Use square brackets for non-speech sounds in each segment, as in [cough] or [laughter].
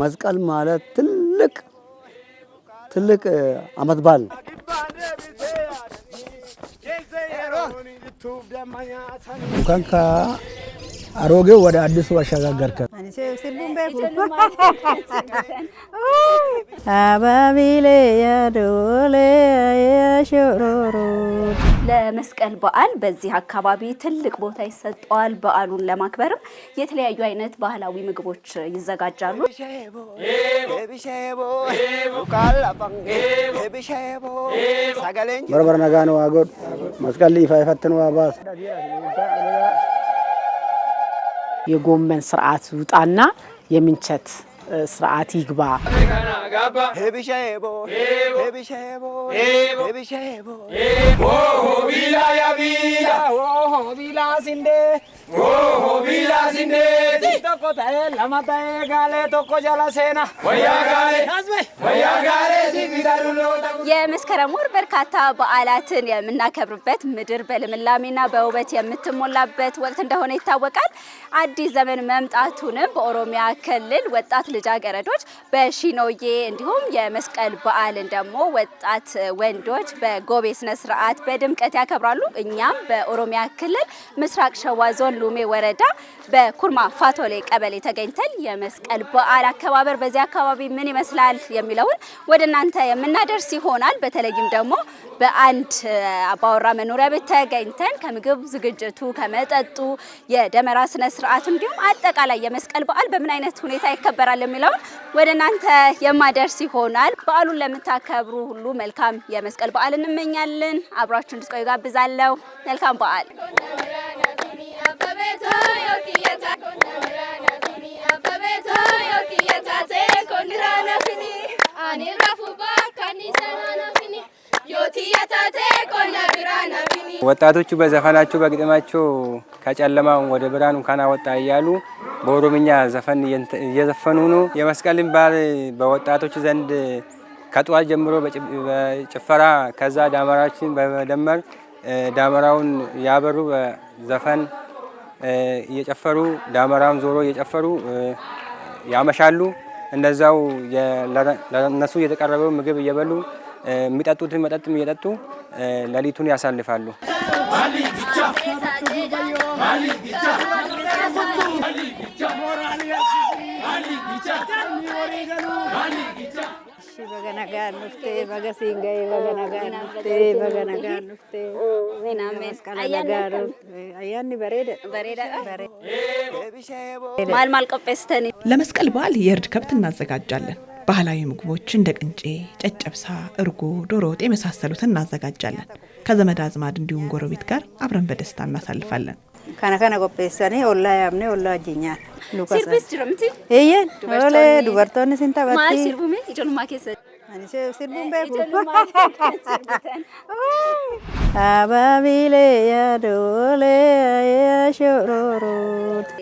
መስቀል ማለት ትልቅ ትልቅ አመት በዓል ነው። አሮጌው ወደ አዲሱ አሸጋገርከን። አባቢሌ ያዶሌ ያሽሮሮ ለመስቀል በዓል በዚህ አካባቢ ትልቅ ቦታ ይሰጠዋል። በዓሉን ለማክበርም የተለያዩ አይነት ባህላዊ ምግቦች ይዘጋጃሉ። በርበር ነጋ ነው አጎድ መስቀል ይፋ ይፈትነው አባስ የጎመን ስርዓት ውጣና የምንቸት ስርዓት ይግባ። ቢላ ያቢላ ቢላ ስንዴ የመስከረም ወር በርካታ በዓላትን የምናከብርበት ምድር በልምላሜና በውበት የምትሞላበት ወቅት እንደሆነ ይታወቃል። አዲስ ዘመን መምጣቱንም በኦሮሚያ ክልል ወጣት ልጃገረዶች በሺኖዬ እንዲሁም የመስቀል በዓልን ደግሞ ወጣት ወንዶች በጎቤ ስነስርዓት በድምቀት ያከብራሉ። እኛም በኦሮሚያ ክልል ምስራቅ ሸዋ ዞን ሎሜ ወረዳ በኩርማ ፋቶሌ ቀበሌ ተገኝተን የመስቀል በዓል አከባበር በዚህ አካባቢ ምን ይመስላል የሚለውን ወደ እናንተ የምናደርስ ይሆናል። በተለይም ደግሞ በአንድ አባወራ መኖሪያ ቤት ተገኝተን ከምግብ ዝግጅቱ፣ ከመጠጡ፣ የደመራ ስነ ስርዓት እንዲሁም አጠቃላይ የመስቀል በዓል በምን አይነት ሁኔታ ይከበራል የሚለውን ወደ እናንተ የማደርስ ይሆናል። በዓሉን ለምታከብሩ ሁሉ መልካም የመስቀል በዓል እንመኛለን። አብራችሁ እንድትቆዩ ጋብዛለሁ። መልካም በዓል ወጣቶቹ በዘፈናቸው በግጥማቸው ከጨለማው ወደ ብርሃኑ ካና ወጣ እያሉ በኦሮምኛ ዘፈን እየዘፈኑ ነው። የመስቀልን በዓል በወጣቶች ዘንድ ከጠዋት ጀምሮ በጭፈራ ከዛ ዳመራችን በመደመር ዳመራውን ያበሩ በዘፈን እየጨፈሩ ዳመራም ዞሮ እየጨፈሩ ያመሻሉ። እንደዛው ለነሱ የተቀረበው ምግብ እየበሉ የሚጠጡትን መጠጥም እየጠጡ ሌሊቱን ያሳልፋሉ። ለመስቀል በዓል የእርድ ከብት እናዘጋጃለን። ባህላዊ ምግቦች እንደ ቅንጬ፣ ጨጨብሳ፣ እርጎ፣ ዶሮ ወጥ የመሳሰሉትን እናዘጋጃለን። ከዘመድ አዝማድ እንዲሁም ጎረቤት ጋር አብረን በደስታ እናሳልፋለን። kana kana qopheessanii ollaa yaabne ollaa wajjin nyaata. sinta jira miti? Eeyyeen olee dubartoonni sin taphatti. Maal sirbume ijoollummaa keessatti? Ani sirbuun beeku. Abaabilee dole ya shororooti.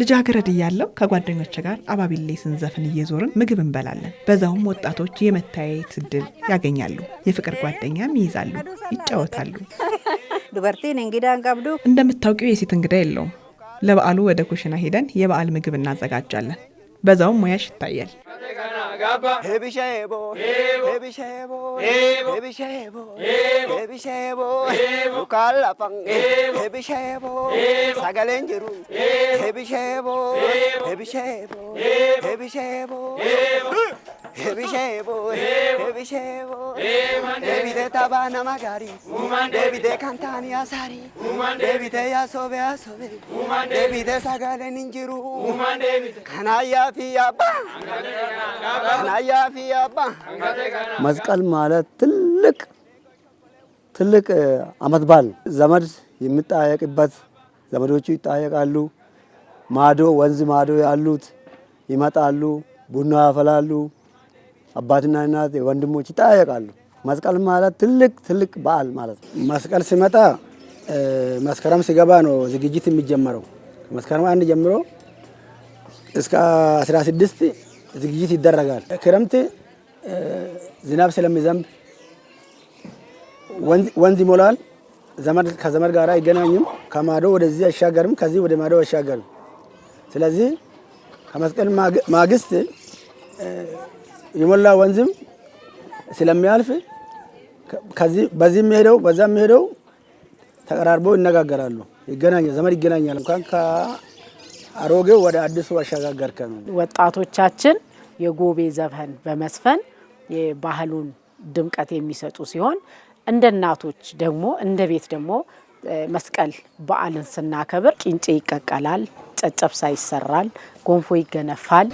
ልጃገረድ እያለው ከጓደኞች ጋር አባቢሌ ስንዘፍን እየዞርን ምግብ እንበላለን። በዛውም ወጣቶች የመታየት እድል ያገኛሉ፣ የፍቅር ጓደኛም ይይዛሉ፣ ይጫወታሉ። [laughs] ዱበርቲን እንግዳ እንቀብዱ እንደምታውቂው የሴት እንግዳ የለውም። ለበዓሉ ወደ ኩሽና ሄደን የበዓል ምግብ እናዘጋጃለን። በዛውም ሙያሽ ይታያል። Gaba. Heavy Shabo. Heavy Shabo. Heavy Shabo. Heavy Shabo. Ukala Pang. Heavy Shabo. Sagalenjeru. Heavy Shabo. Heavy Shabo. Heavy Shabo. Devi Shevo, Devi Shevo, Devi de Tabana Magari, Devi de Cantani Asari, Devi de Yasobe Asobe, Devi de Sagale Ninjiru, Kanaya Fiyaba, Kanaya Fiyaba። መስቀል ማለት ትልቅ ትልቅ አመት በዓል ዘመድ የሚጠያየቅበት ዘመዶቹ ይጠያየቃሉ። ማዶ ወንዝ ማዶ ያሉት ይመጣሉ፣ ቡና ያፈላሉ። አባትና እናት ወንድሞች ይጠያየቃሉ። መስቀል ማለት ትልቅ ትልቅ በዓል ማለት ነው። መስቀል ሲመጣ መስከረም ሲገባ ነው ዝግጅት የሚጀመረው። ከመስከረም አንድ ጀምሮ እስከ 16 ዝግጅት ይደረጋል። ክረምት ዝናብ ስለሚዘንብ ወንዝ ይሞላል። ዘመድ ከዘመድ ጋር አይገናኝም። ከማዶ ወደዚህ አይሻገርም፣ ከዚህ ወደ ማዶ አይሻገርም። ስለዚህ ከመስቀል ማግስት የሞላ ወንዝም ስለሚያልፍ በዚህ የሚሄደው በዛ የሚሄደው ተቀራርበው ይነጋገራሉ፣ ይገናኛል፣ ዘመድ ይገናኛል። እንኳን ከአሮጌው ወደ አዲሱ አሸጋገርከ ነው። ወጣቶቻችን የጎቤ ዘፈን በመስፈን የባህሉን ድምቀት የሚሰጡ ሲሆን እንደ እናቶች ደግሞ እንደ ቤት ደግሞ መስቀል በዓልን ስናከብር ቂንጬ ይቀቀላል፣ ጨጨብሳ ይሰራል። ጎንፎ ይገነፋል።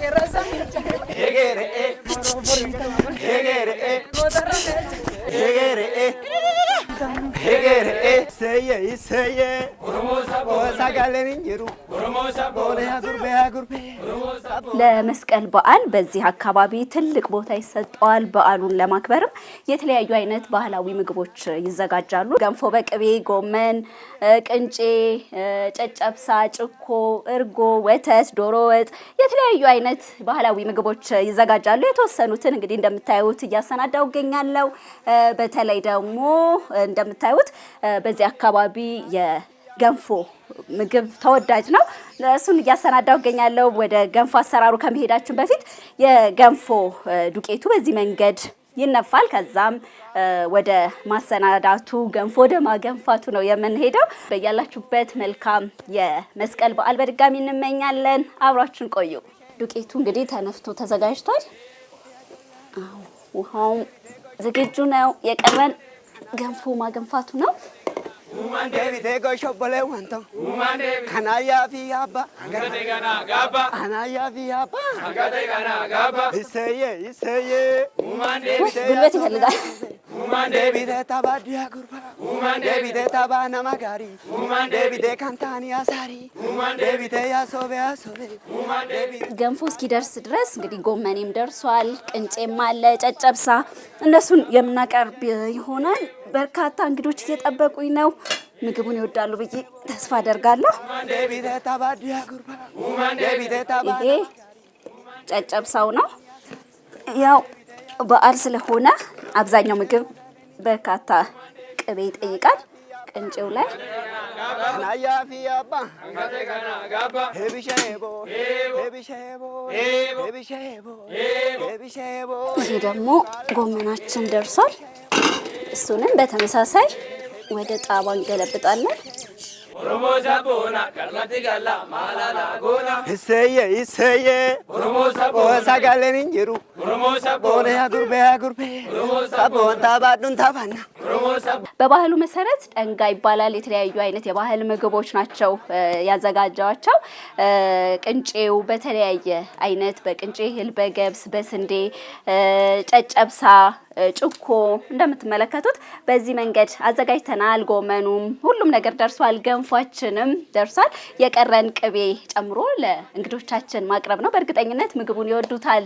ለመስቀል በዓል በዚህ አካባቢ ትልቅ ቦታ ይሰጠዋል። በዓሉን ለማክበርም የተለያዩ አይነት ባህላዊ ምግቦች ይዘጋጃሉ። ገንፎ በቅቤ፣ ጎመን፣ ቅንጬ፣ ጨጨብሳ፣ ጭኮ፣ እርጎ፣ ወተት፣ ዶሮ ወጥ፣ የተለያዩ አይነት ባህላዊ ምግቦች ይዘጋጃሉ። የተወሰኑትን እንግዲህ እንደምታዩት እያሰናዳው እገኛለሁ። በተለይ ደግሞ እንደምታ እንደምታዩት በዚህ አካባቢ የገንፎ ምግብ ተወዳጅ ነው። እሱን እያሰናዳው እገኛለሁ። ወደ ገንፎ አሰራሩ ከመሄዳችን በፊት የገንፎ ዱቄቱ በዚህ መንገድ ይነፋል። ከዛም ወደ ማሰናዳቱ ገንፎ ወደ ማገንፋቱ ነው የምንሄደው። በያላችሁበት መልካም የመስቀል በዓል በድጋሚ እንመኛለን። አብራችን ቆዩ። ዱቄቱ እንግዲህ ተነፍቶ ተዘጋጅቷል። ውሃውም ዝግጁ ነው። የቀረን ገንፎ ማገንፋቱ ነው። Deebitee gocha obbolee wanta kanaayyaa fi abbaa kanaayyaa fi abbaa iseeyye iseeyye gulbet iፈልጋል deebitee taphaa diyaa gurbaa deebitee taphaa nama gaarii deebitee kantaanii asaarii deebitee yaasoobe yaasoobe ገንፎ እስኪደርስ ድረስ እንግዲህ ጎመኔም ደርሷል፣ ቅንጬም አለ፣ ጨጨብሳ እነሱን የምናቀርብ ይሆናል። በርካታ እንግዶች እየጠበቁኝ ነው። ምግቡን ይወዳሉ ብዬ ተስፋ አደርጋለሁ። ይሄ ጨጨብሳው ነው። ያው በዓል ስለሆነ አብዛኛው ምግብ በርካታ ቅቤ ይጠይቃል። ቅንጭው ላይ ይሄ ደግሞ ጎመናችን ደርሷል። እሱንም በተመሳሳይ ወደ ጣባ እንገለብጣለን። በባህሉ መሰረት ጠንጋ ይባላል። የተለያዩ አይነት የባህል ምግቦች ናቸው ያዘጋጃቸው። ቅንጬው በተለያየ አይነት በቅንጬ እህል፣ በገብስ፣ በስንዴ፣ ጨጨብሳ፣ ጭኮ እንደምትመለከቱት በዚህ መንገድ አዘጋጅተናል። ጎመኑም ሁሉም ነገር ደርሷል። ገንፎ ክንፏችንም ደርሷል። የቀረን ቅቤ ጨምሮ ለእንግዶቻችን ማቅረብ ነው። በእርግጠኝነት ምግቡን ይወዱታል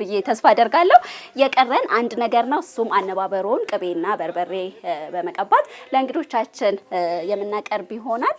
ብዬ ተስፋ አደርጋለሁ። የቀረን አንድ ነገር ነው። እሱም አነባበሮን ቅቤና በርበሬ በመቀባት ለእንግዶቻችን የምናቀርብ ይሆናል።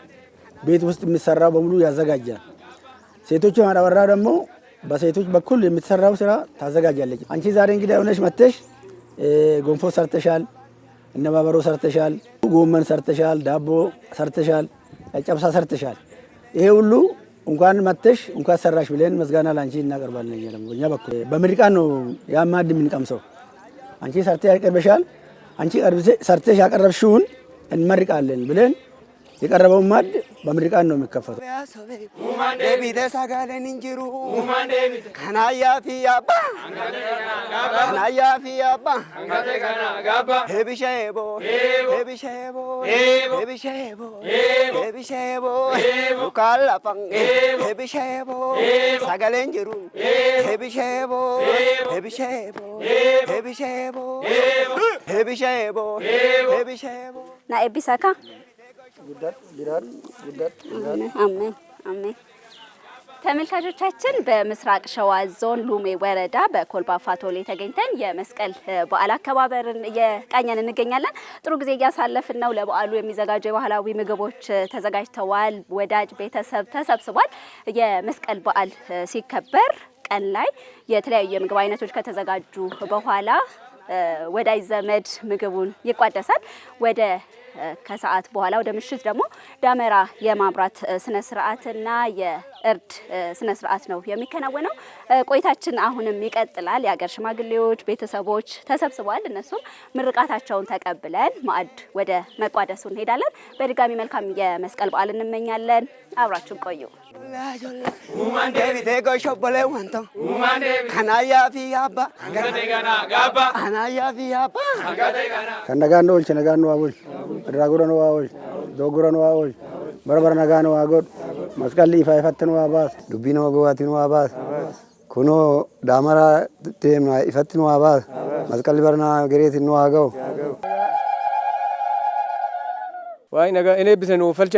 ቤት ውስጥ የሚሰራው በሙሉ ያዘጋጃል። ሴቶች ማዳበራ ደግሞ በሴቶች በኩል የምትሰራው ስራ ታዘጋጃለች። አንቺ ዛሬ እንግዲህ ሆነሽ መተሽ ጎንፎ ሰርተሻል፣ እነባበሮ ሰርተሻል፣ ጎመን ሰርተሻል፣ ዳቦ ሰርተሻል፣ ጨብሳ ሰርተሻል። ይሄ ሁሉ እንኳን መተሽ እንኳን ሰራሽ ብለን መዝጋናል ለአንቺ እናቀርባለን። እኛ በኩል በምርቃት ነው ያማድ የምንቀምሰው። አንቺ ሰርተሽ ያቀርበሻል፣ አንቺ ሰርተሽ ያቀረብሽውን እንመርቃለን ብለን የቀረበውን ማድ በምርቃን ነው የሚከፈተው። ተመልካቾቻችን በምስራቅ ሸዋ ዞን ሉሜ ወረዳ በኮልባ ፋቶሌ ተገኝተን የመስቀል በዓል አከባበርን እየቃኘን እንገኛለን። ጥሩ ጊዜ እያሳለፍን ነው። ለበዓሉ የሚዘጋጁ የባህላዊ ምግቦች ተዘጋጅተዋል። ወዳጅ ቤተሰብ ተሰብስቧል። የመስቀል በዓል ሲከበር ቀን ላይ የተለያዩ የምግብ አይነቶች ከተዘጋጁ በኋላ ወዳጅ ዘመድ ምግቡን ይቋደሳል። ወደ ከሰዓት በኋላ ወደ ምሽት ደግሞ ደመራ የማብራት ስነ ስርዓትና እርድ ስነ ስርዓት ነው የሚከናወነው። ቆይታችን አሁንም ይቀጥላል። የሀገር ሽማግሌዎች፣ ቤተሰቦች ተሰብስበዋል። እነሱም ምርቃታቸውን ተቀብለን ማዕድ ወደ መቋደሱ እንሄዳለን። በድጋሚ መልካም የመስቀል በዓል እንመኛለን። አብራችን ቆዩ። ከነጋኖ ልች ነጋኖ አቦች ድራጉረኖ አቦች አጎድ መስቀል ይፈትን ዋባስ ዱቢነ ወገዋቲን ዋባስ ኩኖ ዳመራ ቴምና ይፈትን ዋባስ መስቀል በርና ገሬት እንዋገው ዋይ ነጋ እኔ ብሰን ወፈልቻ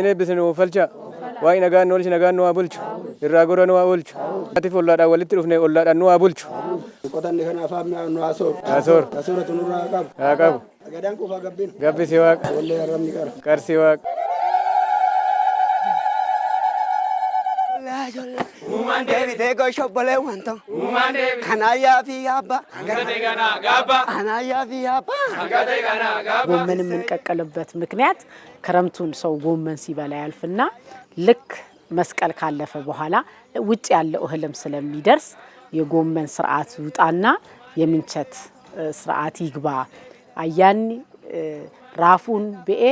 እኔ ብሰን ወፈልቻ ዋይ ነጋ ኖልች ነጋ ነው አቡልቹ ይራ ጎረ ነው አቡልቹ አቲፍ ወላዳ ወልት ሩፍነ ወላዳ ነው አቡልቹ ቆታን ከና ፋምና ነው አሶር አሶር አሶር ተኑራ አቀብ አቀብ ገዳን ቁፋ ገቢን ገቢ ሲዋቅ ወለ ያረም ይቀር ቀር ሲዋቅ ijoollee. Uumaan deebitee goshobbolee wanta. Uumaan deebitee. Kanaayyaa fi yaabba. Hangatee ganaa gaabba. Kanaayyaa fi yaabba. Hangatee ganaa gaabba. ጎመን የምንቀቀልበት ምክንያት ክረምቱን ሰው ጎመን ሲበላ ያልፍና ልክ መስቀል ካለፈ በኋላ ውጭ ያለው እህልም ስለሚደርስ የጎመን ስርዓት ይውጣና የምንቸት ስርዓት ይግባ። አያኒ ራፉን ብኤ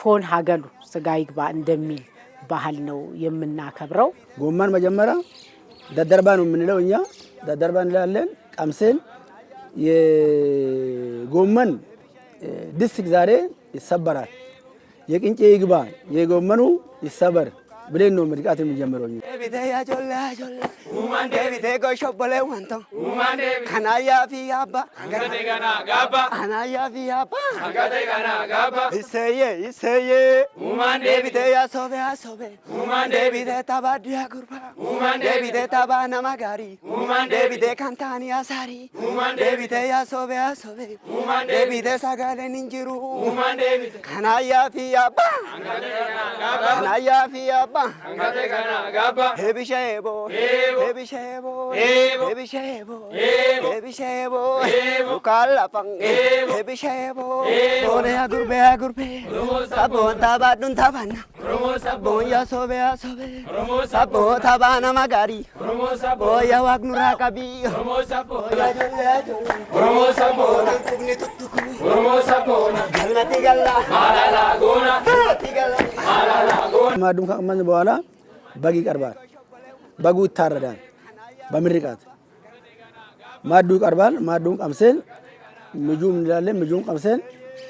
ፎን ሀገሉ ስጋ ይግባ እንደሚል ባህል ነው የምናከብረው። ጎመን መጀመሪያ ደደርባ ነው የምንለው እኛ ደደርባ እንላለን። ቀምሴን የጎመን ድስት ዛሬ ይሰበራል። የቅንጨ ይግባ የጎመኑ ይሰበር ብሌን ነው መድቃት የምንጀምረው። deebitee yaa ijoollee yaa ijoollee. Uumaan deebitee goosha obbolee wanta. Uumaan deebitee. Kanaayyaa fi yaabba. Hangate kanaa gaabba. Kanaayyaa fi yaabba. Hangate kanaa gaabba. Iseeyye iseeyye. Uumaan deebitee yaa sobe yaa sobe. Uumaan deebitee taphaa diyaa gurbaa. Uumaan deebitee taphaa nama gaarii. Uumaan deebitee kan ta'an yaa saarii. Uumaan deebitee yaa sobe yaa sobe. Uumaan deebitee sagaaleen hin jiru. Uumaan deebitee. Kanaayyaa fi yaabba. Hangate kanaa gaabba. Kanaayyaa fi yaabba. Hangate kanaa gaabba. হেবি সাহেব হেবি সাহেব হেবি সাহেব হেবি সাহেব কালা পাঙ্গে হেবি সাহেব ওরে আগুর বে আগুর বে সাবো তাবা নুন তাবা না সাবো ইয়া সবে আ সবে সাবো তাবা না মাগারি সাবো ইয়া ওয়াগনুরা কাবি সাবো ইয়া জল্লা জল্লা সাবো তুকনি তুতুকনি সাবো গলমতি গল্লা মালা লাগোনা গলমতি গল্লা মালা লাগোনা মাডুম খামান বলা በግ ይቀርባል። በጉ ይታረዳል። በምርቃት ማዱ ይቀርባል። ማዱን ቀምሰን ምጁም እንላለን። ምጁም ቀምሰን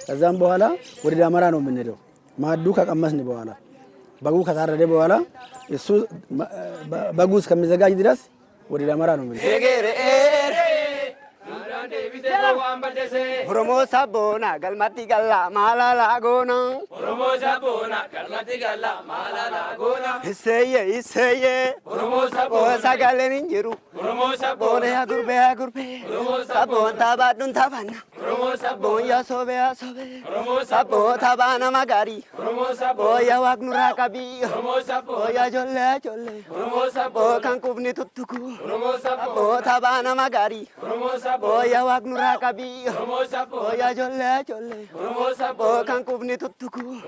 ከዛም በኋላ ወደ ዳመራ ነው የምንሄደው። ማዱ ከቀመስን በኋላ በጉ ከታረደ በኋላ እሱ በጉ እስከሚዘጋጅ ድረስ ወደ ዳመራ ነው የምንሄደው። Oromoo saboona galmatti galla maalaalaa goona. Oromoo saboona galmatti galla maalaalaa goona. Isseeyye isseeyye. Oromoo saboona. Sagalen hin jiru. Oromoo saboona. Boona yaa gurbee yaa gurbee. Oromoo saboona. Saboon taabaa dhun taabanna. Boya sobe, sabo tabana magari, boya wagnura kabi, boya jolle jolle, sabo kankubni tuttuku, sabo tabana magari, boya wagnura kabi, boya jolle jolle, sabo kankubni tuttuku,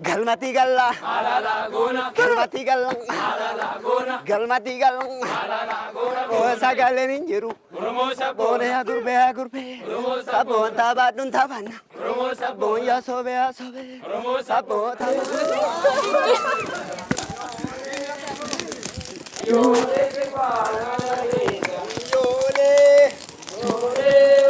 galmati galla, galmati galla, mati galmati galm oh, sagaleen jiru boonaya gurbeeya gurbee ya sobe taabanna sabboon yaa sobeeya yo le yo le yo le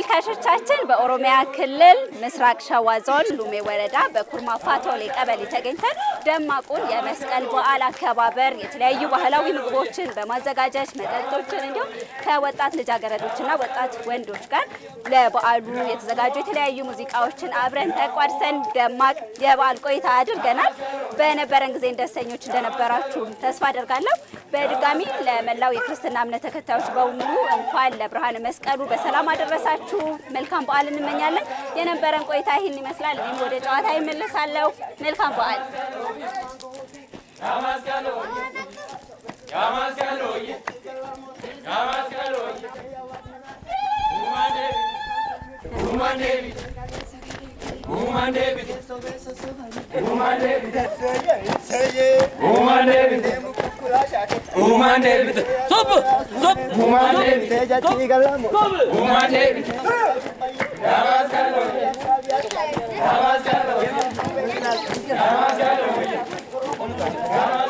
ተመልካቾቻችን በኦሮሚያ ክልል ምስራቅ ሸዋ ዞን ሉሜ ወረዳ በኩርማ ፋቶሌ ቀበሌ ተገኝተን ደማቁን የመስቀል በዓል አከባበር የተለያዩ ባህላዊ ምግቦችን በማዘጋጀት መጠጦችን፣ እንዲሁም ከወጣት ልጃገረዶችና ወጣት ወንዶች ጋር ለበዓሉ የተዘጋጁ የተለያዩ ሙዚቃዎችን አብረን ተቋድሰን ደማቅ የበዓል ቆይታ አድርገናል። በነበረን ጊዜ ደስተኞች እንደነበራችሁ ተስፋ አደርጋለሁ። በድጋሚ ለመላው የክርስትና እምነት ተከታዮች በሙሉ እንኳን ለብርሃነ መስቀሉ በሰላም አደረሳችሁ። መልካም በዓል እንመኛለን። የነበረን ቆይታ ይህን ይመስላል። እኔም ወደ ጨዋታ ይመለሳለሁ። መልካም በዓል Sopu! Sop! Sop! Yeah.